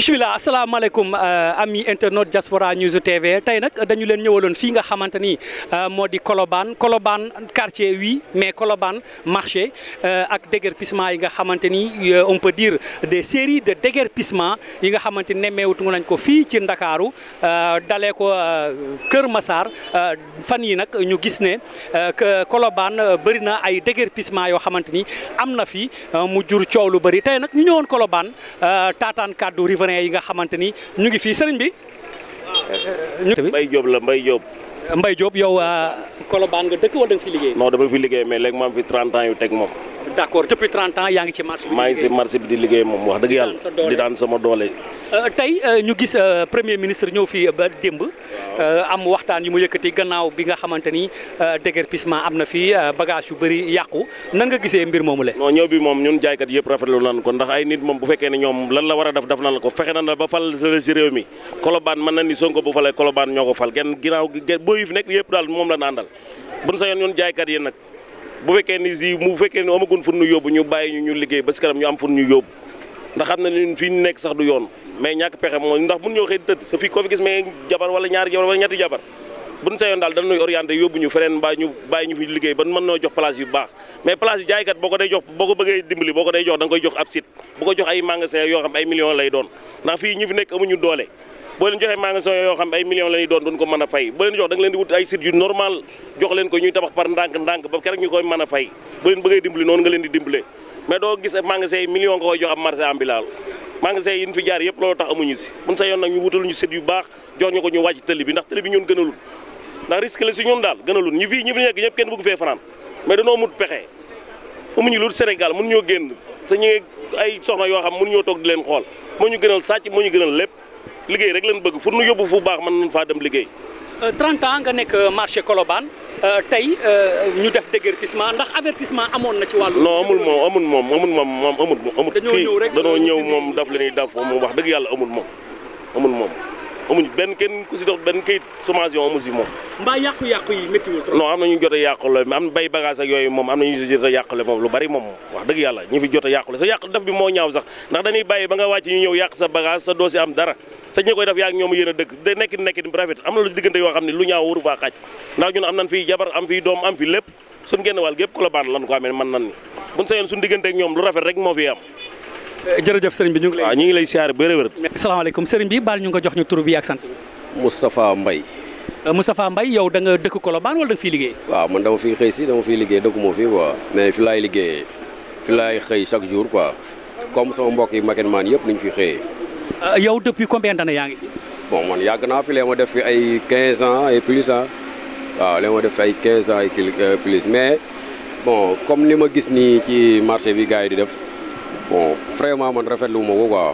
bisimilah asalaamaaleykum euh, ami internet Diaspora News TV tey nag dañu leen ñëwaloon fii nga xamante ni euh, moo di Colobane Colobane quartier oui mais Colobane marché euh, ak déguerpissement yi nga xamante ni on peut dire des séries de déguerpissement yi nga xamante ni nemmeewutu nañ ko fii ci Ndakaaru dalee ko Kër Massar fan yi nag ñu gis ne que Colobane bëri na ay déguerpissement yoo xamante ni am na fi mu jur coow lu bëri tey nag ñu ñëwoon Colobane taataan kàddu goné yi nga xamante ni ñu ngi fii sëriñ bi. Mbaye jóob la Mbaye Diop. Mbaye Diop yow ah, Colobane nga dëkk wala da fi liggéey. non dama fi liggéey mais léegi ma am fi 30 ans yu teg moom. d'accord depuis 30 ans yaangi ci marché may ci marché bi di liguey mom wax deug yalla di dan sama doole euh, tay euh, ñu gis euh, premier ministre ñëw fi ba demb am waxtaan yu mu yëkëti gannaaw bi nga xamanteni ni déguerpissement am na bagage yu bari yaqku nan nga gisee mbir momu le non ñëw bi mom ñun jaay kat yëpp rafetlu lan ko ndax ay nit mom bu fekkee ne ñoom lan la wara a def def nan la ko fexé nan la ba fal si réew mi koloban man na ni Sonko bu falé koloban ñoko fal genn ginaaw boo nek fi nekk yëpp daal moom la nandal buñ sa yoon ñun jaay kat yi nak bu fekkee ni si mu fekkee ni amagun fu ñu yóbbu ñu bàyyi ñu ñu liggéey ba si kanam ñu am fu ñu yóbbu ndax xam ne fii ñu nekk sax du yoon mais ñàkk pexe mooy ndax mun ñoo xëy tëdd sa fii koo fi gis mais jabar wala ñaari jabar wala ñetti jabar buñ sa yoon daal dañuy orienté yóbbu ñu feneen ba ñu bàyyi ñu fi liggéey ban mën noo jox place yu baax mais place yu jaaykat boo ko day jox boo ko bëggee dimbali boo ko day jox da nga koy jox ab site ko jox ay magasin yoo xam ay million lay doon ndax fii ñi fi nekk amuñu doole boo leen joxee magasin yoo xam ay millions la ñuy doon duñ ko mën a fay boo leen jox da nga leen di wut ay site yu normal jox leen ko ñuy tabax par ndànk-ndànk ba keroog ñu koy mën a fay boo leen bëggee dimbali noonu nga leen di dimbale mais doo gis magasin yi million nga koy jox am marché ambulant sa yoon nag ñu wutal ñu site yu baax jox ñu ko ñu wàcc tëli ndax tëli ñun gënalul ndax risque la si ñun daal gënalul ñu fii ñi fi nekk ñëpp kenn bëgg fee fanaan mais danoo mut pexe amuñu ñoo génn sa ñu ay yoo xam mun ñoo toog leen xool moo ñu gënal sàcc moo ñu gënal liggéey rek lañ bëgg fu nu yóbbu fu baax mën nañ faa dem liggéey. 30 euh, ans nga nekk euh, marché kolobaan euh, tey ñu def déguerpissement ndax avertissement amoon na ci wàllu. non amul moom amul moom amul moom moom amul. dañoo ñëw rek fii ñëw moom daf la ñuy daf moom wax dëgg yàlla amul moom amul moom. amuñ benn kenn ku si dox benn kayit sommation amu si moom. mbaa yàqu-yàqu am na ñu jot a yàqule am na bay moom am na ñu si jot lu bari moom wax dëgg yàlla ñu jot yàq def bi moo ñaaw sax ndax dañuy bàyyi ba nga wàcc ñu am dara sa ñi koy def yaak ñoom yéen a dëkk yoo xam ne lu ñaaw waru faa xaaj ndax am nañ fii jabar am fii doom am fi lépp suñ genn wàll gépp ko la baan lan ko amee man nan ni buñ sayoon suñ diggante ak ñoom lu rafet rek moo fi am Eh, jërëjëf sëriñ bi ñu ngi lay. ñu ngi lay siyaar bëre wër. salaamaaleykum sëriñ bi baal ñu nga jox ñu tur bi ak sant mbay Moustapha Mbaye. Eh, Moustapha Mbaye yow da nga dëkk Colobane wala da nga liggéey. waaw man dama fiy xëy si dama fiy liggéey dëkkuma fi quoi mais fi laay liggéeyee fi laay xëy chaque jour quoi comme sama mbokk yi magen maan yëpp nañ fi xëyee. Eh, yow depuis combien d'années yaa ngi fi. bon man yàgg naa fi lee ma def fi ay 15 ans ay plus ah waaw lee ma def fi ay 15 ans et euh, plus mais comme li ma gis nii ci marché bi gars yi di def. bon vraiment man rafetlu ma ko quoi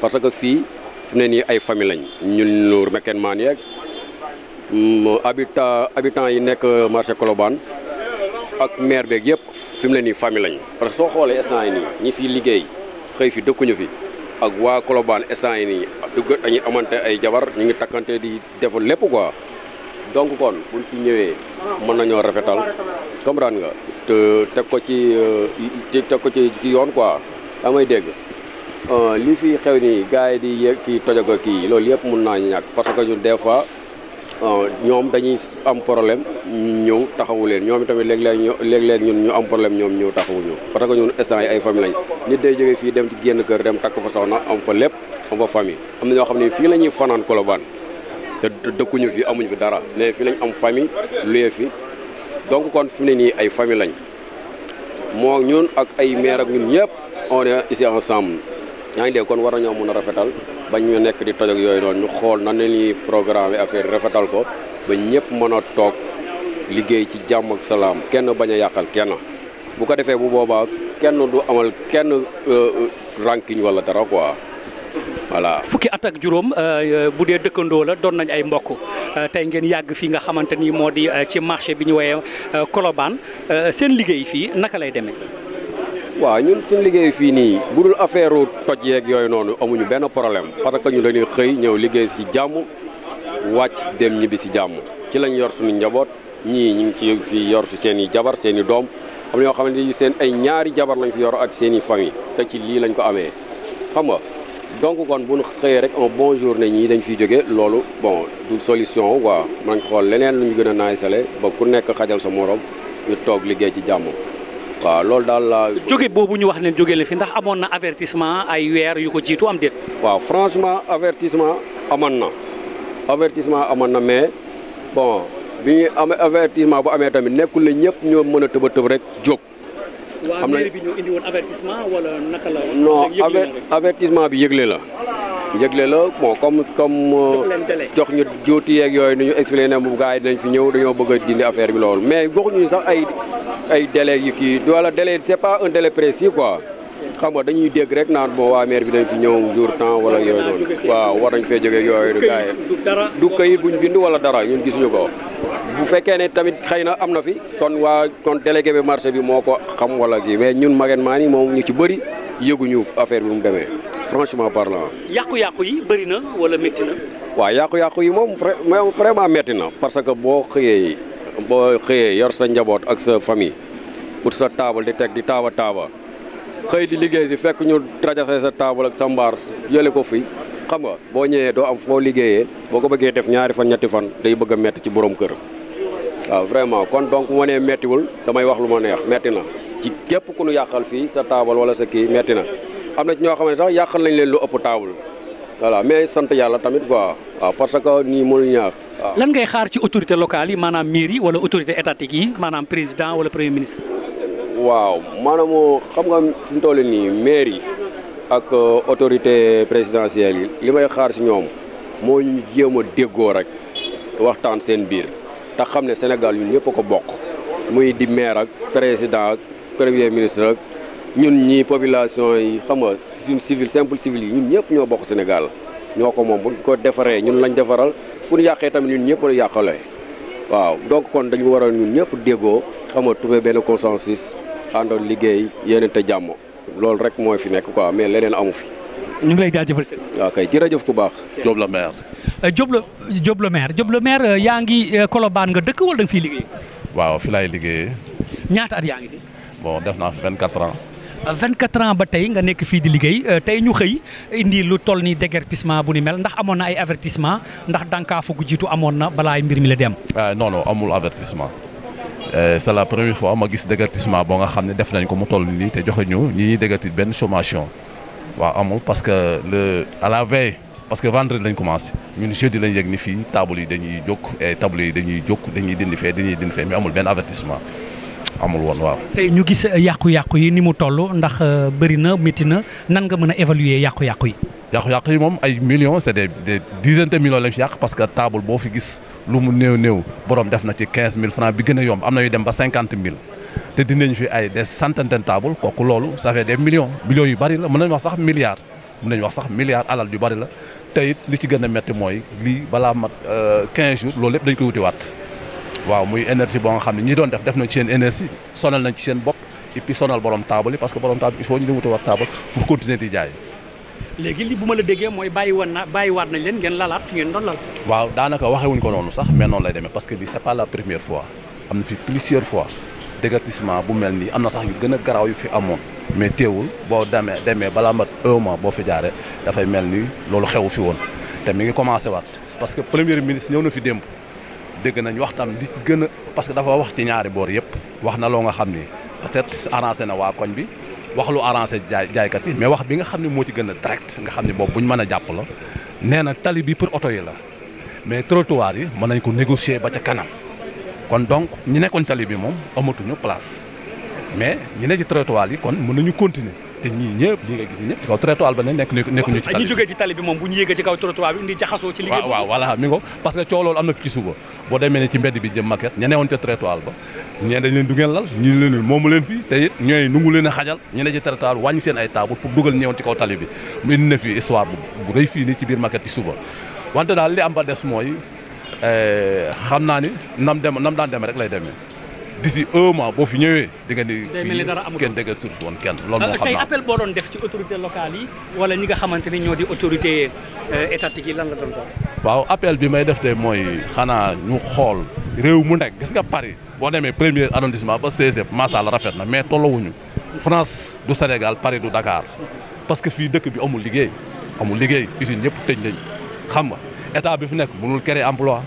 parce que fii fi mu ne abita ay famille lañ ñun Nour Mekken maan yeeg mm, habitat habitants yi nekk marché Colobane ak maire beeg yëpp fi mu famille lañ parce que instant ñi fi fi fi ak waa Colobane instant yi nii dañuy amante ay jabar ñu ngi takkante di def lépp quoi donc kon buñ fi ñëwee mën nañoo rafetal comprendre nga. teg ko ci euh, teg ko ci ci yoon quoi damay dégg euh, lii fi xew nii gars yi di yéeg kii tojago kii loolu yëpp mun naa ñàkk parce que ñun des fois euh, ñoom dañuy am problème ñëw taxawu leen ñoom tamit léeg-léeg ñu léeg-léeg ñun ñu am problème ñoom ñëw taxawu ñu parce que ñun instant yi ay famille lañ nit day jógee fii dem ci génn kër dem takk fa soxna am fa lépp am fa famille am na ñoo xam ne fii la ñuy fanaan Colobane te dëkkuñu fi amuñ fi dara mais fii lañ am famille luyee fi donc kon fi mu ne nii ay famille lañ moo ñun ak ay maire ak ñun ñëpp on est ici ensemble yaa ngi dégg kon war a nañoo mën a rafetal bañ ñu nekk di toj yooyu noonu ñu xool nan la ñuy programme affaire rafetal ko ba ñëpp mën a toog liggéey ci jàmm ak salaam kenn bañ a yàqal kenn bu ko defee bu boobaa kenn du amal kenn euh, euh, rankiñ wala dara quoi. voilà fukki at ak juróom euh, euh, bu dee dëkkandoo la don nañ ay mbokk euh, tay ngeen yag fi nga xamanteni modi ci marché biñu ñu woyee Colobane seen liggéey fi naka lay démé wa ñun sen liggéey fi ni budul affaireu toj yeeg yoy nonu amuñu ben problème parce que ñu dañuy xey ñew liggéey ci jàmm wacc dem ñibi ci jàmm ci lañ yor suñu njabot ñi ñi ngi ci fi yor fi seen jabar seen dom am ñoo xamanteni seen ay ñaari jabar lañ fi yor ak seen i famille te ci li lañ ko amé xam nga. donc kon buñ ñu rek un bon journée ñi dañ fiy joggé lolu bon du solution wa man xool leneen lu ñu gën a naay ba ku nekk xajal sa morom ñu tok liggé ci jamm wa lolu daal la. jóge boobu ñu wax ne joggé la fi ndax amon na avertissement ay weer yu ko jitu am déet. wa franchement avertissement amoon na avertissement amoon na mais bon bi ñuy amee avertissement bu amé tamit nekkul ne ñëpp ñoo mëna teub teub rek jóg. xam nañ bi wala naka la. non avertissement bi yëgle la. yëgle la moo comme comme. jox euh, ñu jooti yeeg yooyu nu ñu expliqué ne bu gars yi dinañ fi ñëw dañoo bëgg a dindi affaire bi loolu mais ñu sax ay ay délai yu kii wala délai c'est pas un délai précis xam nga dañuy dégg rek naan boo waa maire bi dañ fi ñëw jour temps wala yooyu noonu waaw war nañ fee jógee yooyu du gars du kayit buñ bind wala dara ñun gisuñu ko bu fekkee ne tamit xëy na am na fi kon waa kon délégué bi marché bi moo ko xam wala kii mais ñun magen maa moom ñu ci bëri yëguñu affaire bi mu demee franchement parlant. yàqu-yàqu yi bëri na wala métti na. yàqu-yàqu yi moom vraiment métti na parce que boo xëyee boo xëyee yor sa njaboot ak sa famille pour sa taabal di teg di taaba xey di liggéey ci fekk ñu trajaxé sa table ak sa mbar yele ko fi xam nga bo ñëwee do am fo liggéeyee boko bëggé def ñaari fan ñetti fan day bëgg metti ci borom kër waaw vraiment kon donc mu metti wul damay wax luma neex metti na ci képp ku ñu yàqal fi sa table wala sa ki metti na amna ci ño xamné sax yàqal nañ leen lu ëpp table wala mais sante yalla tamit quoi waaw parce que ni mo ñaax waaw lan ngay xaar ci autorité locale yi manam mairie wala autorité étatique yi manam président wala premier ministre waaw maanaam xam nga fi mu toll nii maire yi ak euh, autorité présidentielle yi li may xaar si ñoom moo ñu jéem a déggoo rek waxtaan seen biir te xam ne Sénégal ñun ñëpp ko bokk muy di maire ak président ak premier ministre ak ñun ñi population yi xam nga suñu civil simple civil yi ñun ñëpp ñoo bokk Sénégal ñoo ko moom bu ko defaree ñun lañ defaral pour yàqee tamit ñun ñëpp la yàqalee waaw donc kon dañu waral ñun ñëpp déggoo xam nga trouver benn consensus àndoon liggéey yéenante jàmm lool rek mooy fi nekk quoi mais leneen amu fi. ñu ngi lay jaajëfal sëñ bi. waaw kay jërëjëf ku baax. Diop la euh, maire. Diop maire Diop euh, maire yaa ngi euh, Colobane nga dëkk wala da nga fiy liggéey. waaw fi laay liggéeyee. ñaata at yaa ngi fi. bon def naa fi 24 ans. 24 ans ba tey nga nekk fii di liggéey tey ñu xëy indi lu toll ni déguerpissement bu ni mel ndax amoon na ay avertissement ndax dànkaafu gu jiitu amoon na balaay mbir mi la dem. Ah, non amul avertissement. Euh, c'est la première fois ma gis déguerpissement bon nga xamné def nañ ko mu toll nii te joxe ñu ñi ñuy ben benn wa amul parce que le à la veille parce que vendredi lañ commencé ñun jeudi lañ yegg ni fi table yi dañuy jokk et eh, table yi dañuy jokk dañuy dindi fee dañuy dindi fee mais amul ben avertissement amul woon waaw. tay ñu gis euh, yàqu-yàqu yi ni mu tollu ndax euh, bari na metti na nan nga mëna évaluer yàqu-yàqu yi. yàqu-yàqu yi mom ay millions c'est des des dizaines de millions lañ fi parce que table bo fi gis. lu mu néew néew borom def na ci quinze mille francs bi gën a yomb am na yu dem ba cinquante mille te dinañ fi ay des centaines de table kooku loolu ça fait million millions yu bari la mën nañ wax sax milliards mën nañ wax sax milliards alal yu bari la te li ci gën a métti mooy lii balaa mat euh, quinze jours loolu lépp dañ koy wutiwaat waaw muy énergie boo nga xam ne ñi doon def def nañ ci seen énergie sonal nañ ci seen bopp et puis sonal borom table parce que borom table di jaay. léegi li bu ma la déggee mooy bàyyi woon na bàyyiwaat nañ leen ngeen lalaat fi ngeen doon lal. waaw daanaka waxewuñ ko noonu sax mais non, lay demee parce que bi c'est pas la première fois am na fi plusieurs fois déguerpissement bu mel nii am na sax yu gën a garaaw yu fi amoon. mais teewul boo demee demee balaa mat un mois boo fi jaaree dafay mel ni loolu xewu fi woon te mi ngi commencé waat parce que premier ministre ñëw na fi démb dégg nañ waxtaan li gën parce que dafa wax ci ñaari boor yëpp wax na loo nga xam ni peut-être arrangé na waa koñ bi. wax lu arrangé jaay jaaykat yi mais wax bi nga xam ne moo ci gën a direct nga xam ne boobu bu ñu mën a jàpp la nee na tali bi pour oto yi la mais trottoir yi mën nañ ko négocier ba ca kanam kon donc ñi nekkoon tali bi moom amatuñu place mais ñi ne ci trottoir yi kon mën nañu continuer te ñii ñëpp ñi ci kaw trottoir ba nañ nekk nekk ñu ci tali bi tali bi moom bu ñu yéegee ci kaw trottoir bi indi jaxasoo ci liggéey waaw voilà demee ne ci mbedd bi jëm maquette ña newoon ca trottoir ba ñee dañ du ngeen lal ñi leen moomu leen fii te it ñooy nungu leen a xajal ñu ne ci trottoir wàññi seen ay taabul pour dugal ñëwoon ci kaw tali mu indi na fii histoire bu rëy fii nii ci biir maquette ci suba wante daal li am ba des mooy eh, xam naa ni nam dem nam daan demee rek lay demee di si mois boo fi ñëwee di nga ni. day dara amul kenn dégg surtout woon kenn. loolu moo euh, xam naa tey appel boo doon def ci wala ñi nga xamante ni ñoo di autorités euh, étatiques yi lan la doon doon. waaw appel bi may def tey mooy xanaa ñu xool réew mu nekk gis nga Paris boo demee premier arrondissement ba 16 macha allah rafet na mais tollowuñu France du Sénégal Paris du dakaar parce que fii dëkk bi amul liggéey amul liggéey usine yëpp tëj nañ xam nga état bi fu nekk mënul créer emploi.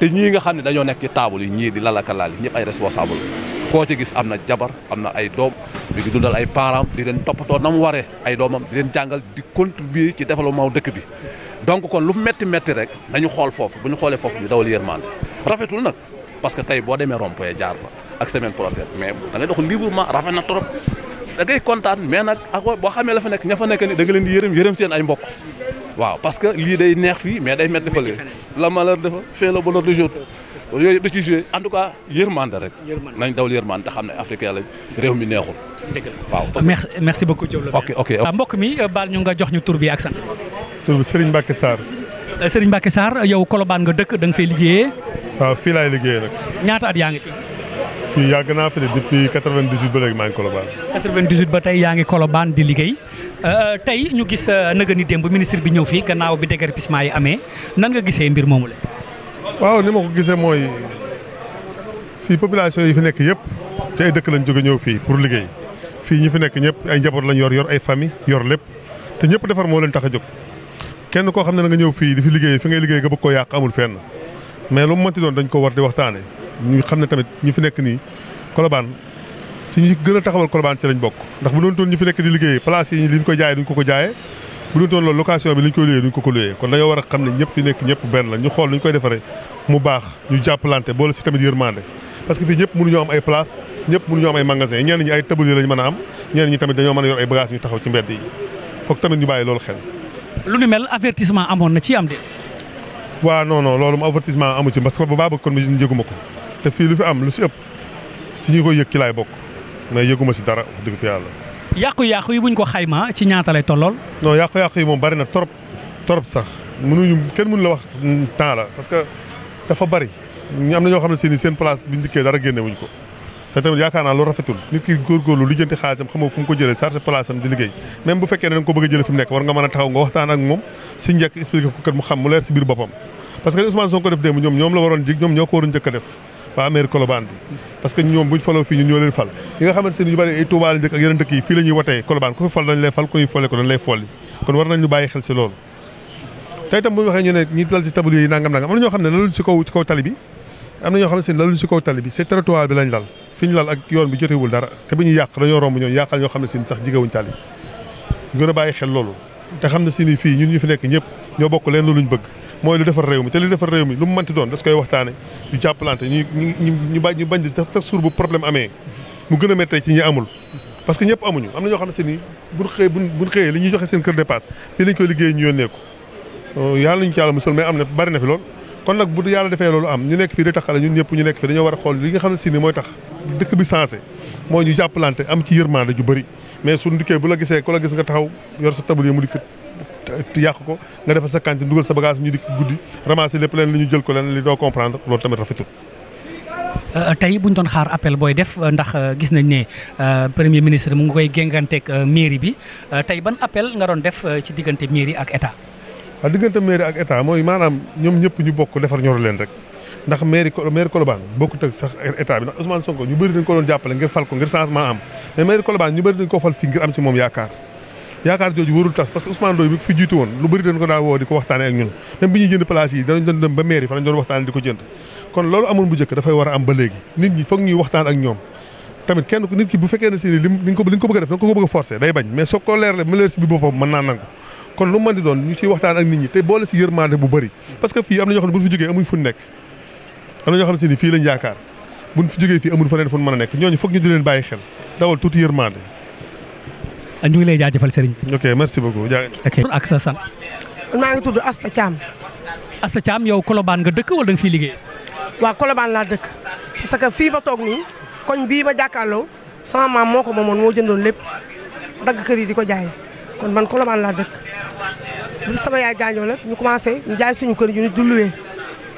te ñii nga xam ne dañoo nekk ci taabal yi ñii di lalakalaal yi ñëpp ay responsable koo ci gis am na jabar am na ay doom mi ngi dundal ay parents di leen toppatoo na mu waree ay doomam di leen jàngal di contribuer ci développement dëkk bi donc kon lu metti metti rek nañu xool foofu bu ñu xoolee foofu ñu dawal yërmande rafetul nag parce que tey boo demee rond-point jaar fa ak semaine prochaine mais da ngay dox librement rafet na trop da ngay kontaan mais nak ak bo xamé la fa nek ñafa nek ni da nga leen di yërëm yërëm seen ay mbokk waaw parce que li day neex fi mais day metti le la malheur dafa fait le bonheur du jour yoy da ciy en tout cas yërmande rek nañ dawal yërmande te xam ne afrique yàlla mi neexul waaw merci beaucoup Diop le ok ok ah, mbokk mi euh, bal ñu nga jox ñu tur bi ak sant tour bi Serigne Mbacke sar euh, Serigne Mbacke sar yow Colobane nga dëkk da nga fay liggéey waaw fi lay liggéey nak ñaata at yaangi fi fi yàgg naa fi depuis 98 ba léegi maa ngi Colobane. 98 ba tey yaa ngi Colobane di liggéey euh, euh, tey ñu gis euh, naga ni démb ministre bi ñëw fii gannaaw bi déguerpissement yi amee nan nga gisee mbir moomu la. waaw ni ma ko gisee mooy fii population yi fi nekk yépp ci ay dëkk lañ jóge ñëw fii pour liggéey fii ñi fi nekk ñëpp ay njaboot lañ yor yor ay famille yor lépp te ñëpp defar moo leen tax a kenn koo xam nga ñëw fii di fi liggéey fi ngay liggéey nga bëgg koo yàq amul fenn mais lu mu mënti doon dañ ko war di waxtaanee. ñu xam ne tamit ñu fi nekk nii Colobane ci ñi gën a taxawal Colobane ci lañ bokk ndax bu doon toon ñu fi nekk di liggéey place yi li ñu ko jaayee duñ ko ko jaayee bu doon toon loolu location bi li ñu ko ko luyee kon dañoo war a xam ne ñëpp fi nekk ñëpp benn la ñu xool lu ñu koy defaree mu baax ñu jàppalante boole si tamit yërmande parce que fii ñëpp mënuñoo am ay place ñëpp mënuñoo am ay magasin ñenn ñi ay tablier lañ mën a am ñenn ñi tamit dañoo mën a yor ay bagage ñu taxaw ci mbedd yi foog tamit na ci am de. waaw non non loolu avertissement amu ci ba baax kon mi ko te fii lu fi am lu si ëpp si ñu koy yëg ci bokk mais yëguma si dara wax dëgg fi yàlla. yàqu-yàqu yi buñ ko xaymaa ci ñaata lay tollool. non yàqu-yàqu yi moom bari na trop trop sax mënuñu kenn mënu la wax temps la dafa bari ñu am na ñoo xam ne seen seen place biñ dikkee dara génne ko. te tamit yaakaar naa rafetul nit ki góorgóorlu lijjanti xaalisam xamoo fu mu ko jëlee chargé place di liggéey même bu fekkee ne da ko bëgg a a taxaw nga waxtaan ak la waroon jig ñoom ñoo ko waroon waa maire Colobane bi parce que ñoom buñ faloo fii ñun ñoo leen fal yi nga xamante ne ñu bëri ay Touba la dëkk ak yeneen dëkk yi fii la watee Colobane ku fi fal dañ lay fal ku ñu folle ko dañ lay folli kon war nañu bàyyi xel si loolu tey itam bu ñu waxee ñu ne ñi dal si tablier yi nangam nangam am na ñoo xam ne laluñ si kaw si kaw tali bi am na ñoo xam ne laluñ si kaw tali bi c'est territoire bi lañ lal fi ñu lal ak yoon bi jotewul xam ne sin sax jigéewuñ tali gën a bàyyi xel xam ne si ni fii ñun ñu fi nekk ñëpp ñoo bokk leen luñ bëgg mooy lu defar réew mi te lu defar réew mi lu mu mënti doon das koy waxtaane ñu jàppalante ñu ñu ñu bañ ñu bañ di sax suur bu problème amee mu gën a méttee ci ñi amul parce que ñëpp amuñu am na ñoo xam ne se ni buñ xëy buñ xëyee li ñuy joxe seen kër dépasse fii lañ koy liggéey ñu yónnee ko euh, yàlla ñu ci yàlla musal mais am na bari na fi lool kon nag bu yàlla defee loolu am ñu nekk fii di taxale ñun ñëpp nekk fii dañoo war a xool li nga xam ne si mooy tax dëkk bi sensé am ci yërmande ju bëri mais suñu dikkee bu la gisee ku la gis nga taxaw yor yàq ko nga defal sa cantine dugal sa bagage ñu dikk guddi ramasser lépp leen li ñu jël ko leen li doo comprendre loolu tamit rafetul. Euh, tey bu ñu xaar appel booy def euh, ndax euh, gis nañ ne premier ministre mu ngi koy génganteeg mairie bi tey ban appel nga doon def ci diggante mairie ak état. waaw diggante mairie ak état mooy maanaam ñoom ñëpp ñu bokk defar ñor leen rek ndax mairie mairie Colobane bokkut ak sax état bi ndax Ousmane Sonko ñu bëri dañ ko doon jàppale ngir fal ko ngir changement am mais mairie Colobane ñu bëri dañ ko fal fii ngir am ci moom yaakaar. yaakaar jooju warul tas parce que Ousmane Ndoye fi jiitu woon lu bëri dañ ko daan woo di ko waxtaane ak ñun même bi ñuy jënd place yi dañ doon dem ba mairie fa lañ doon waxtaane di ko jënd kon loolu amul bu njëkk dafay war a am ba léegi nit ñi foog ñuy waxtaan ak ñoom tamit kenn nit ki bu fekkee ne si li li ko bëgg a def da nga ko bëgg a forcé day bañ mais soo ko leerle mu leer si bi boppam mën naa nangu kon lu mën di doon ñu ciy waxtaan ak a ñu ngi lay jaajëfal sëriñ bi. ok merci beaucoup jaajëf. ak sa sant. maa ngi tudd Asta Thiam. Asta Thiam yow Colobane nga dëkk wala da nga fiy liggéey. waaw Colobane laa dëkk parce que fii ba toog nii koñ bii ba jàkkaarloo sama maam moo ko moomoon moo jëndoon lépp dagg kër yi di ko jaay kon man kolobaan laa dëkk bi sama yaay gaañoo nag ñu commencé ñu jaay suñu kër yu ñu dulluwee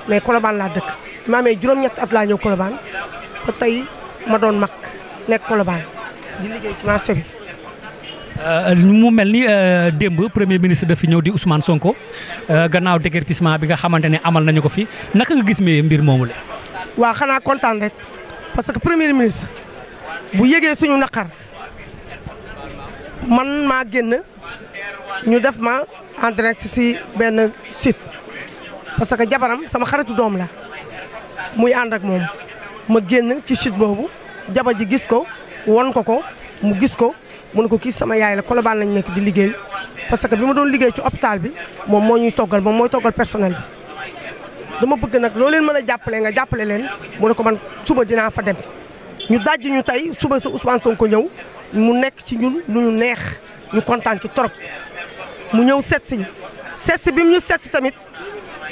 mais Colobane laa dëkk ma amee juróom-ñett at laa ñëw Colobane ba tey ma doon mag nekk Colobane di liggéey ci marché bi. Euh, euh, mu melni ni euh, démb premier ministre fi ñew di Ousmane Sonko gannaaw déguerpissement bi nga xamantene amal nañu ko fi naka nga gis mi mbir moomu la. waaw xanaa kontaan rek parce que premier ministre bu yëgee suñu nakar man ma génn ñu def ma en direct ci ben site parce que jabaram sama xaritu dom la muy and ak mom ma génn ci site bobu jabar ji gis ko won ko ko mu gis ko mun ko sama yaay la Colobane lañ nek di liggéey parce que bima doon liggéey ci hôpital bi mom mo ñuy toggal mom moy toggal personnel bi dama bëgg nak lo leen mëna a nga jappalé leen mu ne ko man suba dina fa dem ñu dajju ñu tay suba sa Ousmane Sonko ñew mu nek ci ñun lu ñu neex ñu content ci torop mu ñew set si set ci bimu bi ñu set ci tamit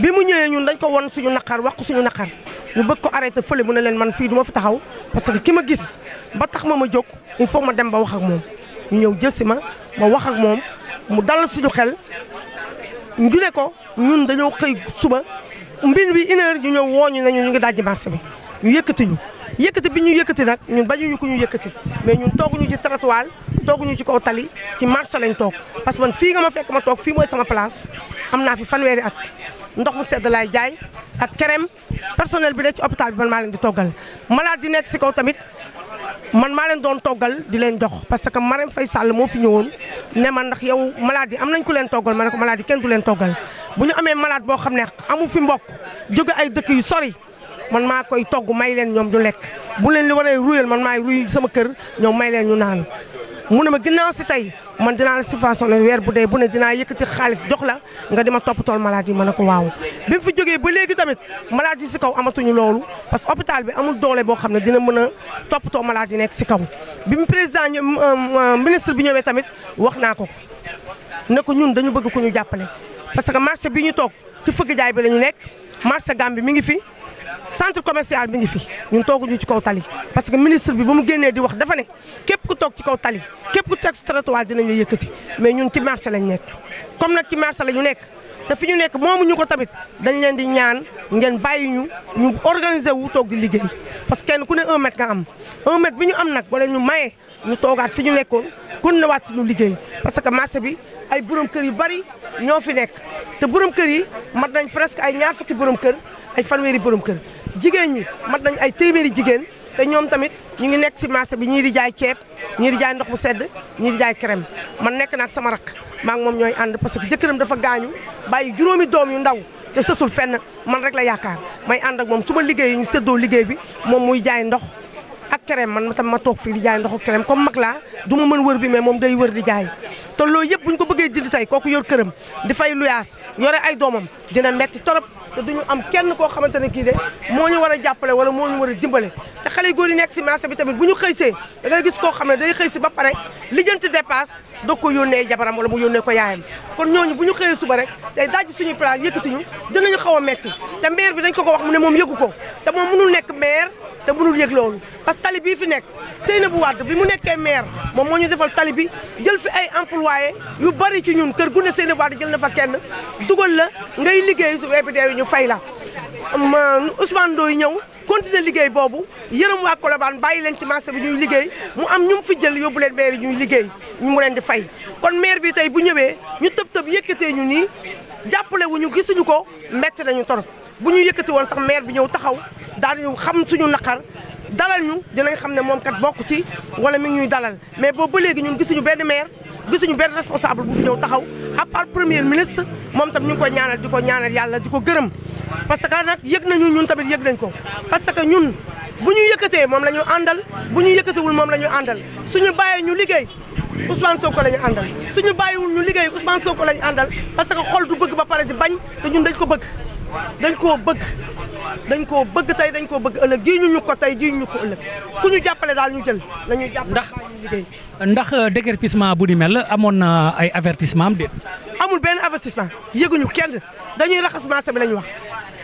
bimu ñewé ñun dañ ko won suñu nakar wax suñu nakar ñu bëgg ko arrêté feulé mu ne leen man fi duma fa fi taxaw parce que kima gis ba tax mama jog il faut ma dem ba wax ak mom ñu ñëw jësi ma ma wax moom mu dal suñu xel ñu ne ko ñun dañoo xëy suba mbir bi une heure ñu ñëw wooñu nañu ñu ngi dajji marché bi ñu yëkkati ñu yëkkati bi ñu yëkkati nag ñun bañuñu ko ñu yëkkati mais ñun tooguñu ci trottoir tooguñu ci kaw tali ci marché lañ toog parce que fii nga ma fekk ma toog fii mooy sama place am naa fi fanweeri at ndox mu sedd laay jaay ak crème personnel bi ne ci hôpital bi man maa leen di toggal malade di nekk si kaw tamit man maa leen doon toggal di leen jox parce que Marème fay Sall moo fi ñëwoon ne man ndax yow malade am nañ ku leen toggal ma ne ko kenn du leen toggal bu ñu amee malade boo xam ne amu fi mbokk jóge ay dëkk yu sori man maa koy togg may leen ñoom ñu lekk bu leen li waree ruyal man maay ruy sama kër ñoom may leen ñu naan mun ne ma ginnaaw si tey man dinaa la subventionné weer bu dee bu ne dinaa yëkkati xaalis jox la nga di ma toppatool maladie ma ne ko waaw bi mu fi jógee ba léegi tamit maladie si kaw amatuñu loolu parce que hôpital bi amul doole boo xam ne dina mën a toppatoo maladie nekk si kaw bi mu président ministre bi ñëwee tamit wax naa ko ne ko ñun dañu bëgg ku ñu jàppale parce que marché bi ñu toog ci fëgg jaay bi la ñu nekk marché Gambie mi ngi fi centre commercial bi ngi fi ñu tooguñu ci kaw tali parce que ministre bi ba mu génnee di wax dafa ne képp ku toog ci kaw tali képp ku teg trottoir dinañu yëkkati mais ñun ci marché lañ nekk comme nag ci marché la ñu nekk te fi ñu nekk moomu ñu ko tamit dañ leen di ñaan ngeen bàyyi ñu ñu organiser wu toog di liggéey parce que kenn ku ne un mètre nga am un bi ñu am nag wala ñu maye ñu toogaat fi ñu nekkoon kun na waat ñu liggéey parce que marché bi ay borom kër yu bari ñoo fi nekk te borom kër yi mat nañ presque ay ñaar fukki borom kër ay fanweeri borom kër jigéen ñi mat nañ ay téeméeri jigéen te ñoom tamit ñu ngi nekk si marché bi ñii di jaay ceeb ñii di jaay ndox bu sedd ñii di jaay crème man nekk naag sama rak maa ngi moom ñooy ànd parce que jëkkëram dafa gaañu bàyyi juróomi doom yu ndaw te sësul fenn man rek la yaakaar may ànd ak moom su ma liggéey ñu séddoo liggéey bi moom muy jaay ndox ak crème man tam ma toog fii di jaay ndox ak crème comme mag laa du ma mën wër bi mais moom day wër di jaay te loolu yëpp bu ñu ko bëggee dindi tey kooku yor këram di fay luyaas yore ay doomam dina metti torop te duñu am kenn koo xamante ne kii de moo ñu war a jàppale wala moo ñu war a dimbale te xale yu góor yi nekk si marché bi tamit bu ñu xëy see da gis koo xam ne day xëy si ba pare lijjanti dépasse doog ko yónnee jabaram wala mu yónnee ko yaayam kon ñooñu bu ñu xëyee suba rek tey dajji suñuy place ñu dinañu xaw a metti te maire bi dañ ko ko wax mu ne moom yëgu ko te moom nekk maire te munu yëg loolu parce que tali bii fi nekk Seynabou Wade bi mu nekkee maire moom moo ñu defal tali bi jël fi ay employé yu bari ci ñun kër gu ne Seynabou Wade jël na fa kenn dugal la ngay liggéey su EPD yi ñu fay la Ousmane Ndoye ñëw continuer liggéey boobu yërëm waa Colobane bàyyi leen ci marché bi ñuy liggéey mu am ñu mu fi jël yóbbu leen maire yi ñuy liggéey ñu mu leen di fay kon maire bi tey bu ñëwee ñu tëb tëb yëkkatee ñu nii jàppale wu ñu gisuñu ko metti nañu torop bu ñu yëkkati woon sax maire bi ñëw taxaw daal ñu xam suñu naqar dalal ñu dinañ xam ne moom kat bokk ci wala mi ñuy dalal mais boobu ba léegi ñun gisuñu benn maire gisuñu benn responsable bu fi ñëw taxaw à part premier ministre moom tam ñu ngi ñaanal di ko ñaanal yàlla di ko gërëm parce que nag yëg nañu ñun tamit yëg nañ ko parce que ñun bu ñu yëkkatee moom la àndal bu ñu yëkkatewul moom la ñu àndal suñu bàyyee ñu liggéey Ousmane Sonko la ñu àndal suñu bàyyiwul ñu liggéey Ousmane Sonko la ñu àndal parce que xol du bëgg ba pare di bañ te ñun dañ ko bëgg dañ koo bëgg dañ ko bëgg tey dañ koo bëgg ëllëg ji ñu ñu ko tey jii ñu ko ëllëg ku ñu jàppale daal ñu jël la jàpp ndax liggéey ndax euh, déguerpissement bu ni mel amoon na euh, ay avertissement am amul benn avertissement yëguñu kenn dañuy raxas marché bi la ñu wax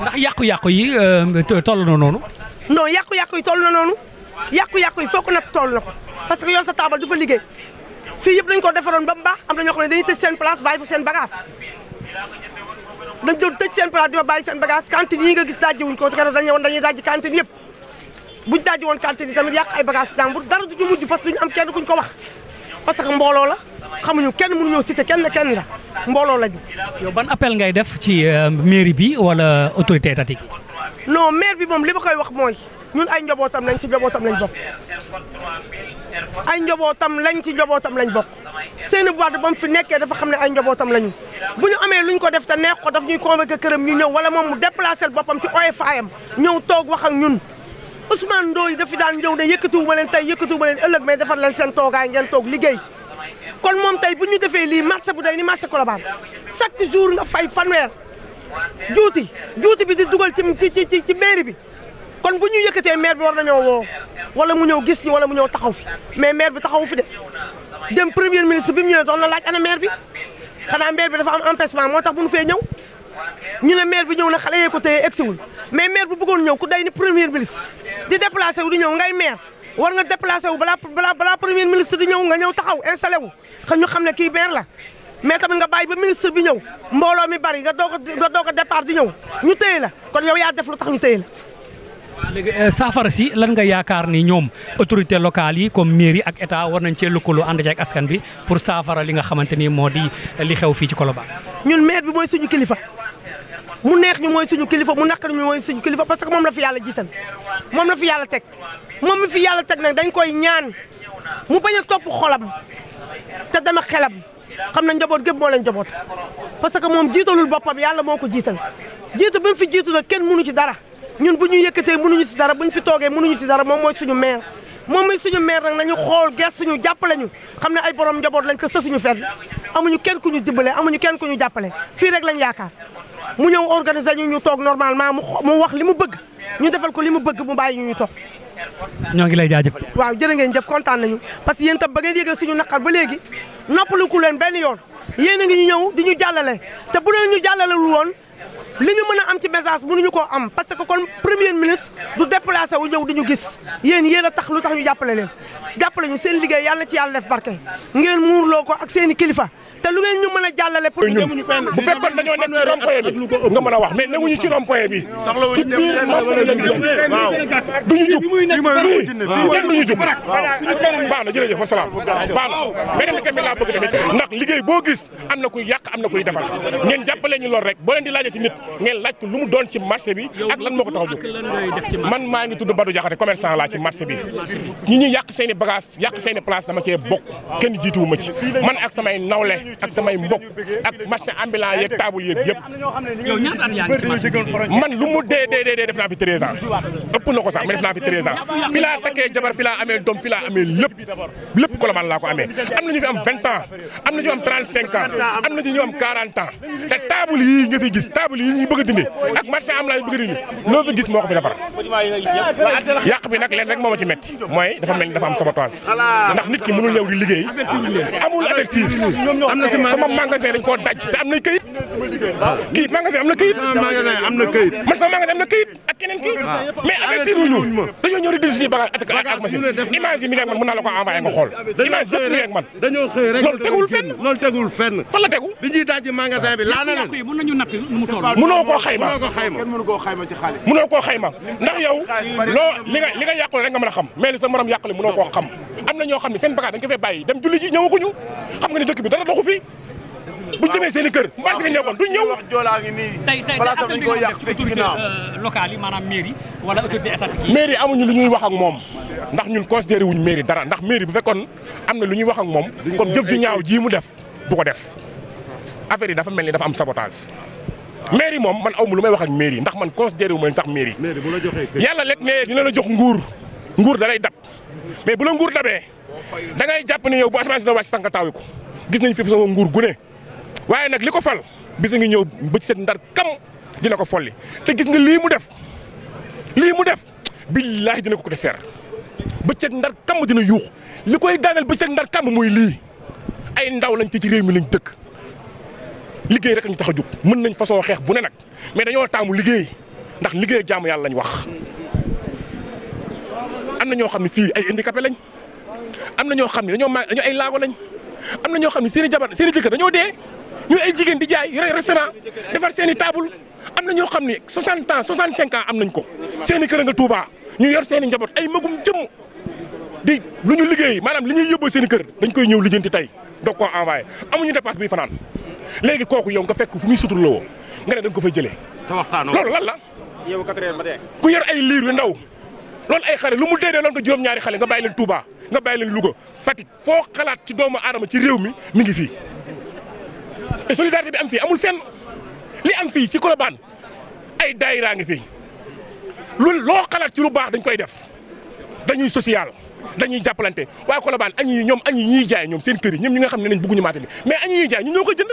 ndax yàqu-yàqu yi euh, toll na noonu. non yàqu-yàqu yi toll na noonu yàqu-yàqu yi foog na toll na ko parce que yor sa taabal du fa liggéey fii yëpp dañ ko defaroon ba mu baax am na ñoo ne dañuy tëj seen place bàyyi seen bagage dañ doon tëj seen place di fa bàyyi seen yi nga gis dajji wuñ ko dañ ne woon dañuy dajji cantine yëpp buñ dajji woon cantine yi tamit yàq ay bagage jàmbur dara du ñu mujj parce que duñu am kenn kuñ ko wax parce que mbooloo la xamuñu kenn mënuñoo cité kenn kenn la mbooloo lañu. yow ban appel ngay def ci euh, mairie bi wala autorité étatique. non maire bi moom li ma koy wax mooy ñun ay njabootam lañ si njabootam lañu bokk. ay njabootam lañ ci njabootam lañ bokk seen boîte ba mu fi nekkee dafa xam ne ay njabootam lañu bu ñu amee luñ ko def te neex ko daf ñuy convoqué këram ñu ñëw wala moom mu déplacé boppam ci OFAM ñëw toog wax ak ñun Ousmane Ndoye dafi daan ñëw ne yëkkatuwuma leen tey yëkkatuwuma leen ëllëg mais defar leen seen toogaay liggéey. kon moom tey bu ñu defee lii marché bu day ni marché Colobane chaque jour nga fay fanweer juuti juuti bi di dugal ci ci ci ci mairie bi kon bu ñu yëkkatee maire bi war nañoo woo wala mu ñëw gis ñi wala mu ñëw taxaw fi mais maire bi taxaw fi de dem premier ministre bi mu ñëwee doon na laaj ana maire bi xanaa maire bi dafa am empêchement moo tax bu ñu fee ñëw ñu ne maire bi ñëw na xale yee ko téye egsiwul mais maire bu bëggoon ñëw ku day ni premier ministre di déplacé wu di ñëw ngay maire war nga déplacé wu balaa balaa premier ministre di ñëw nga ñëw taxaw installé wu. xamnu xamne ki ber la mais tam nga baye ba ministre bi ñew mbolo mi bari nga doog nga doog départ di ñew ñu teyel la kon yow ya def lu tax ñu teyel la. waaw léegi euh, si lan nga yaakaar ni ñom autorité locale yi comme mairie ak état war nañ ci lëkkaloo and ci ak askan bi pour saafara li nga xamanteni modi li xew fi ci koloba ñun maire bi moy suñu kilifa mu neex ñu moy suñu kilifa mu naqar ñu moy suñu kilifa parce que mom la fi yalla jital mom la fi yalla tek mom mi fi yalla tek nak dañ koy ñaan mu bañ top xolam te dana xelab xam na njaboot gépp moo leen njaboot parce que moom jiitalul boppam yàlla moo ko jiital jiitu bi mu fi jiitu na kenn mënu ci dara ñun bu ñu yëkkatee mënuñu ci dara bu ñu fi toogee mënuñu ci dara moom mooy suñu maire moom mooy suñu maire nag ñu xool gestuñu jàppale ñu xam ne ay borom njaboot lañ te sësuñu fenn amuñu kenn ku ñu dimbale amuñu kenn ku ñu jàppale fii rek lañ yaakaar mu ñëw organise ñu ñu toog normalement mu wax li mu bëgg ñu defal ko li mu bëgg mu bàyyi ñu ñu toog ñoo ngi lay jaajëfal. waaw jërë ngeen jëf kontaan nañu parce que yéen itam ba ngeen yëgal suñu naqar ba léegi noppalu ku leen benn yoon yéen a ngi ñu ñëw di ñu jàllale te bu leen ñu jàllalewul woon li ñu mën am ci message mënuñu ko am parce que kon premier ministre du déplacé wu ñëw di ñu gis yéen yéen a tax lu tax ñu jàppale leen jàppale ñu seen liggéey yàlla na ci yàlla def barke ngeen muurloo ko ak seeni kilifa. te lu ngeen ñu mën a jàllale pour eh, ñu demuñu fenn bu fekkoon dañoo nekk ci rond-point bi nga mën wax mais newuñu ci rond-point bi ci biir marché la ñu jëm waaw duñu jug fii kenn duñu jug baax na jërëjëf wasalaam baax na beneen kami laa bëgg tamit ndax liggéey boo gis kuy kuy ngeen ñu rek leen di nit ngeen laaj ko lu mu doon ci marché bi ak lan man maa ngi tudd Badou Diakhaté commerçant laa ci marché bi ñi ñuy yàq seen bagage yàq seen place dama kenn ci man ak samay nawle ak samay mbokk ak marché ambulant yeeg taabul yeeg yëpp. man lu mu dee dee def naa fi 13 ëpp na ko sax mais def naa fi 13 ans fi jabar fi amee doom fi amee lépp lépp Colobane laa ko amee am na ñu fi am 20 ans am na ñu am 35 ans am na ñu am 40 ans te taabul yii nga si gis taabul yii ñu bëgg a dindi ak marché ambulant yi bëgg a dindi loo fi gis moo ko fi defar. yàq bi nag leen rek moo ma ci métti mooy dafa mel ni dafa am sabotage ndax nit ki mënul ñëw sama magasin dañ koo daj te am na këyit am na këyit man am na këyit ak keneen kii ah. mais avertir ñu dañoo ñëw di suñu bagage attaque ak machine image yi mi ngi man mën naa la ko envoyé nga xool image yëpp mi ngi man dañoo tegul fenn loolu tegu bi ñuy daj magasin bi laa na leen mën nañu natt nu mu xayma ndax yow loo li nga rek nga mën a xam mais li sa morom yàqule mënoo koo xam am na ñoo xam ne seen bagage dañ ko fee bàyyi dem fi bu démé séni kër marché bi nekkoon du ñëw jola ngi Mary, tay tey balaa dañ koo yàq ci ginnaaw euh, local yi maanaam mairie wala autorité étatique yi mairie amuñu lu ñuy wax ak mom ndax ñun considéré wuñ mairie dara ndax mairie bu fekkon amna lu ñuy wax ak mom comme jëf ji ñaaw ji mu def bu ko def affaire yi dafa melni dafa am sabotage mairie mom man awmu lu may wax ak mairie ndax man considéré wu ma sax mairie yàlla lekk ne dina la jox nguur nguur da lay dab mais bu la nguur dabee da ngay yow bu gis nañ fi sama nguur gune waaye nag li ko fal bis ngi ñëw ba ci seen ndar kam dina ko folli te gis nga lii mu def lii mu def billaahi dina ko ko deseer bëccëg ndar kàmm dina yuux li koy daaneel bëccëg ndar kàmm mooy lii ay ndaw lañ te ci réew mi lañ dëkk liggéey rek ñu tax a jóg mën nañ façon xeex bu ne nag mais dañoo taamu liggéey ndax liggéey jaamu yàlla lañ wax. am na ñoo xam ne fii ay handicapé lañ am na ñoo xam ne dañoo ma dañoo ay laago am na ñoo xam ne seen i jabar seen i jëkkër dañoo dee ñu ay jigéen di jaay yore restaurant defar seeni taabul am na ñoo xam ne 60 ans 65 ans am nañ ko seeni kër nga Touba ñu yor seen njaboot ay magum jëmm di lu ñu liggéey maanaam li ñuy yóbboo seeni kër dañ koy ñëw lijjanti tey doog koo envoyé amuñu dépasse bi fanaan léegi kooku yow nga fekk fu muy suturloo nga ne da nga ko fay jëlee. te waxtaanoo loolu lan la. yow 4 heures ba tey ku yor ay liir yu ndaw. loolu ay xale lu mu dee dee loolu nga juróom-ñaari xale nga bàyyi leen Touba nga bàyyi leen Louga Fatick foo xalaat ci doomu aadama ci réew mi mu ngi fi te solidarité bi am fii amul fenn li am fii ci Colobane ay daayira ngi fii loolu loo xalaat ci lu baax dañ koy def dañuy social dañuy jàppalante waaye Colobane añu yi ñoom añu ñuy jaay ñoom seen kër ñoom ñi nga xam ne nañ bëgguñu maata bi mais añu ñuy jaay ñun ñoo koy jënd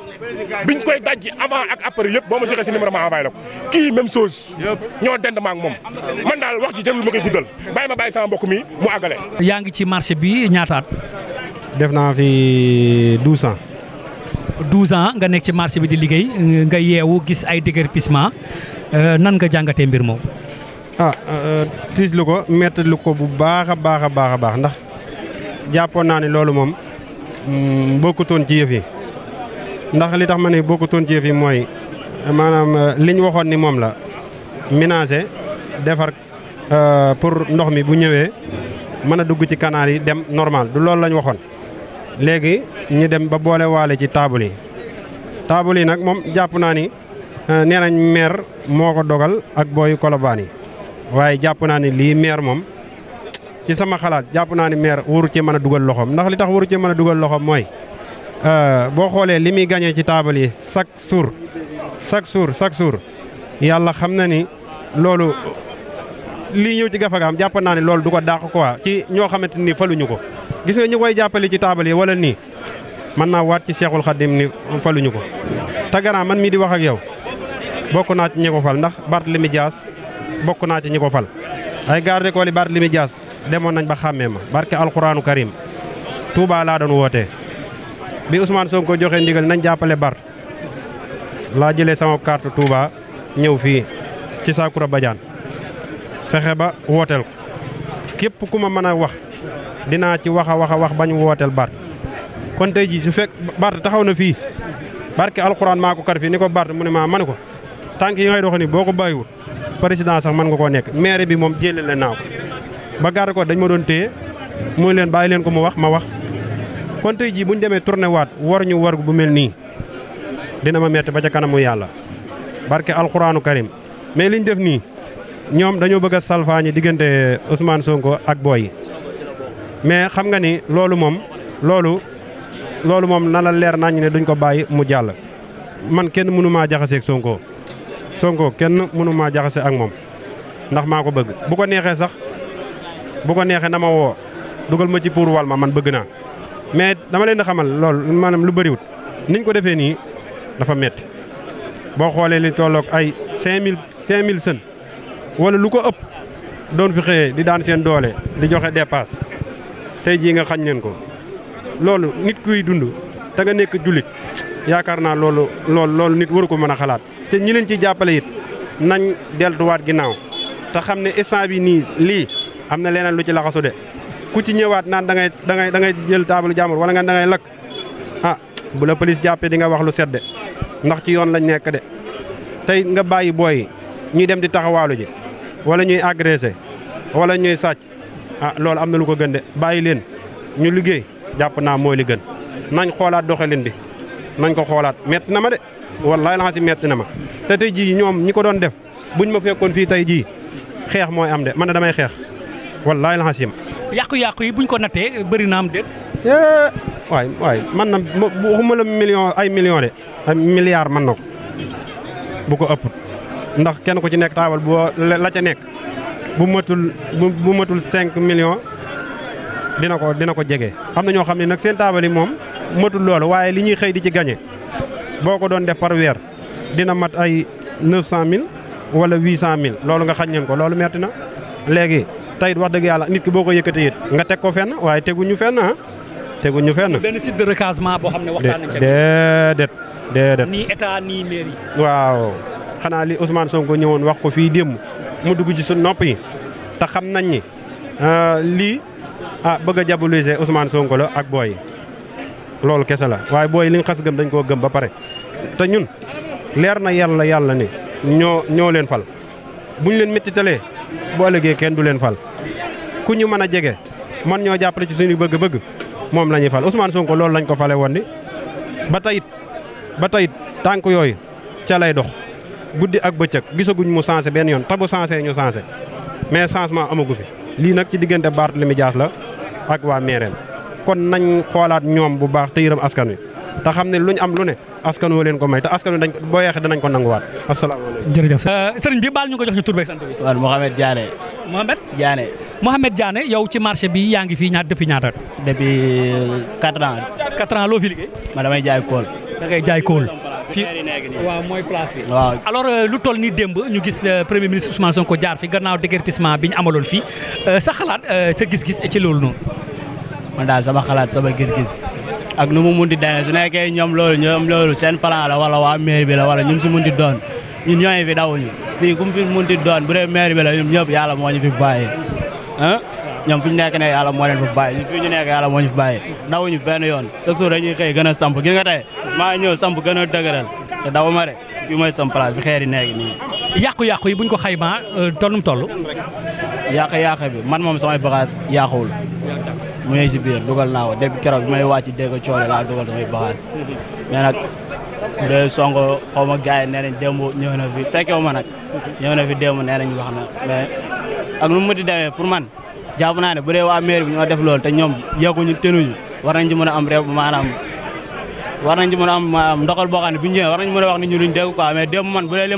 biñ koy dajji avant ak après yëpp boo ma joxee si numéro ma envoyé la ko kii même chose ñoo dend ma ak moom man daal wax ji jarul ma koy guddal bàyyi ma bàyyi sama mbokk mi mu àggale. yaa ngi ci marché bi ñaataat. def naa fi douze ans. douze ans nga nekk ci marché bi di liggéey nga yeewu gis ay déguerpissement euh, nan nga jàngatee mbir moom. ah euh, ko métti ko bu baax a baax a baax a baax ndax jàppoon naa ne loolu moom mm, bokkutoon ci yëf yi. ndax li tax ma ne bokkutoon ci yëf yi mooy maanaam euh, li ñu waxoon ni moom la ménager defar euh, pour ndox mi bu ñëwee mën a dugg ci canal yi dem normal du loolu lañ waxoon léegi ñu dem ba boole waale ci taabul yi taabul yi nag moom jàpp naa ni euh, nee nañ maire moo ko dogal ak booyu kolobaan yi waaye jàpp naa ni lii maire moom ci sama xalaat jàpp naa ni maire waru cee mën a dugal loxoom ndax li tax waru cee mën a dugal loxoom mooy Euh, boo xoolee li muy gañee ci taabal yi chaque jour chaque jour chaque jour yàlla xam na ni loolu lii ñëw ci gafagaam jàpp naa ne loolu du ko dàq quoi ci ñoo xamante ni faluñu ko gis nga ñu koy jàppale ci taabal yi wala nii mën naa waat ci seexul xaddim ni faluñu ko te gannaaw man mii di wax ak yow bokk naa ci ñi ko fal ndax Barthélemy Dias bokk naa ci ñi ko fal ay garde corps yi demoon nañ ba xàmmee ma barke alxuraanu karim Touba laa doon wootee bi Ousmane Sonko joxe ndigal nañ jappalé bar la jëlé sama carte Touba ñew fi ci Sakura Badian fexé ba wotel képp kuma mëna wax dina ci waxa waxa wax bañ wotel bar kon tay ji su fek bar taxaw na fi barke alxuraan mako kar fi niko bar Bart mu ne ma ne ko yi ngay doxani boko bayiwul président sax man nga ko nek maire bi mom leen ba gar ko dañ ma don leen leen ko mu wax ma wax kon tay ji bu démé demee tourné waat war ñu war bu melni dina ma metti ba ca kanamu yalla barké karim mais liñ def ni ñom dañu bëgg salfañi digënté Ousmane Sonko ak boy mais xam nga ni lolu mom lolu lolu mom na la leer nañ ne duñ ko bayyi mu jall man kenn mënu maa ak Sonko Sonko kenn mënu maa jaxase ak mom ndax mako bëgg bu ko neexee sax bu ko dugal ma ci pour wal man bëgg na mais dama leen di xamal loolu maanaam lu bëriwut niñ ko defee nii dafa metti boo xoolee li tolloog ay 5000 5000 sën wala lu ko ëpp doon fi xëyee di daan seen doole di joxe dépasse tey jii nga xañ leen ko loolu nit kuy dund te nga nekk jullit yaakaar naa loolu loolu loolu nit waru ko mën a xalaat te ñi leen ci jàppale it nañ deltuwaat ginnaaw te xam ne instant bi nii lii am na leneen lu ci laxasu de ku ci ñëwaat naan da ngay da ngay da ngay jël table jàmbur wala nga da ngay lëkk ah bu la police jappé di nga wax lu sedde ndax ci yoon lañ nekk dé tay nga bayyi boy ñuy dem di taxawalu ji wala ñuy agressé wala ñuy sacc ah lool amna lu ko gën de bàyyi leen ñu liggéey japp na moy li gën nañ xoolaat doxalin bi nañ ko xolaat metti na ma de wallahi la ci metti na ma te ji jii ñoom ñi ko doon def buñ ma fekkon fi tay ji xex moy am de man damay xex wallaay la xasim yàqu-yàqu yi buñ ko nattee bëri na am déet. Eh, waay waay man na waxuma la million ay million de ay milliards man na ko bu ko ëpp ndax kenn ku ci nekk taabal boo la ca nekk bu matul bu matul cinq millions dina ko dina ko jege. xam na ñoo xam ne nag seen taabal yi moom matul loolu waaye li ñuy xëy di ci gañe boo ko doon def par dina mat ay neuf cent mille wala huit cent mille loolu nga xañ leen ko loolu metti na léegi. tayit wax deug yalla nit ki boko ko yit nga tek ko fenn teggu ñu fenn ah. teggu ñu fenn. ben site de recasement bo xamne waxtaan nañ ci dedet dedet ni état ni mairie. waaw xana li Ousmane Sonko ñëwoon wax ko fi dem mu dugg ci suñu nopi ta xam nañ ni ah, li ah bëgg a diaboliser Ousmane Sonko la ak boy loolu kessa la waye boy li nga xass gëm dañ ko gëm ba pare te ñun leer na yalla yalla ni ño ño leen fal buñ leen metti talee boo ëllëgee kenn du leen fal ku ñu mën a jege man ñoo jàppale ci suñu bëgg-bëgg moom la ñuy fal Ousmane Sonko loolu lañ ko fale woon ni ba tayit ba tayit tànk yooyu ca lay dox guddi ak bëccëg gisaguñ mu sensé benn yoon te bu sensé ñu sensé mais changement amagu fi lii nag ci diggante Barthélémy Dias la ak waa meereem kon nañ xoolaat ñoom bu baax te yërëm askan wi te xam ne luñ am lu ne askan woo leen ko may te askan wi dañ ko boo yeexee danañ ko nanguwaat asalaamaaleykum. jërëjëf euh, sëriñ bi baal ñu ko jox ñu tur beeg sant bi. yow ci marché bi yaa ngi fii ñaar depuis ñaata. depuis 4 euh, ans. 4 ans loo fi liggéey. ma damay jaay kool. da jaay kool. fii waaw mooy place bi. waaw alors euh, lu toll nii démb ñu gis premier ministre Ousmane ko jaar fi gannaaw déguerpissement bi ñu amaloon fii sa xalaat sa gis-gis ci loolu noonu. ma daal sama xalaat sama gis-gis. ak nu mu munti demee su nekkee ñoom loolu ñoom loolu seen plan la wala waa mairie bi la wala ñu si munti doon ñun ñooñu fi dawuñu fii ku mu fi munti doon bu dee mairie bi la ñun ñëpp yàlla moo ñu fi bàyyi ah ñoom fi ñu nekk ne yàlla moo leen fi bàyyi ñun ñu nekk yàlla moo ñu fi bàyyi dawuñu benn yoon chaque jour dañuy xëy gën a samp gis nga tey maa ñëw samp gën a dëgëral te dawuma rek fii mooy sam place fi xeer yi nekk nii yàqu-yàqu yi buñ ko xaymaa euh, tollum tol yàq-yàq bi man moom samay bagage yàquwul mu ngi si biir dugal naa ko depuis keroog bi may wàcc dégg coole laa dugal samay bagages mais nag bu dee songo xaw ma gars nee nañ démb ñëw na fi fekkewu ma nag ñëw na fi démb nee nañ wax na mais ak lu mu di demee pour man jàpp naa ne bu dee waa mairie bi ñoo def loolu te ñoom yegguñu tenuñu war nañ ci mën a am réew maanaam war nañ ci mën a am maanaam ndoxal boo xam ne bu ñu war nañ mën a wax ni ñu duñ dégg quoi mais démb man bu dee li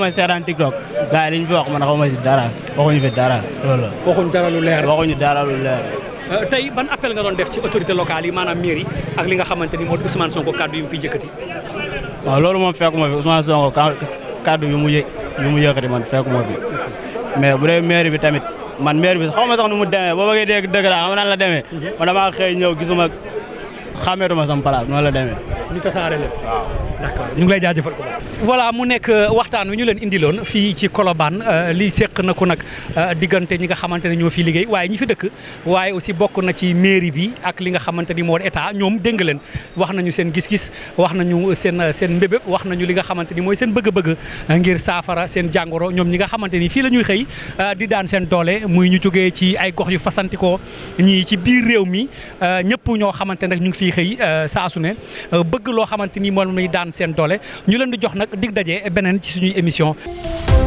TikTok gars yi fi wax man xawma si dara waxuñu fi dara loolu waxuñu dara lu leer waxuñu dara lu leer Euh, tey ban appel nga doon def ci autorité locale yi maanaam mairie ak li nga xamante ni moo di Ousmane Sonko kàddu yi mu fi yëkkati. waaw loolu moom fekkuma fi Ousmane Sonko kaddu yu mu yë yu mu yëkkati man fekkuma fi mais bu dee mairie bi tamit man mairie bi xaw ma sax nu mu demee boo bëggee dégg dëgg laa xam nan la demee. Mhm. man damaa xëy ñëw gisuma xàmmeetuma sama place noonu la demee. ñu tasaare la d'accord ñu ngi lay jaajëfal ko voilà mu nekk euh, waxtaan wi ñu leen indiloon fii ci Colobane euh, li seq na ko nag euh, diggante ñi nga xamante ne ñoo fi liggéey waaye ñi fi dëkk waaye aussi bokk na ci mairie bi ak li nga état dégg leen wax nañu seen gis-gis wax nañu seen seen mbébéb wax nañu li nga xamante ni mooy seen bëgg-bëgg ngir saafara seen jàngoro ñoom ñi nga xamante ni fii la di daan seen doole muy ñu jógee ci ay gox yu fasantikoo ñii ci biir réew mi ñëpp ñoo xamante ne ñu ngi fiy xëy saa su ne bëgg loo daan seen doole ñu leen di jox nag dig daje beneen ci suñuy émission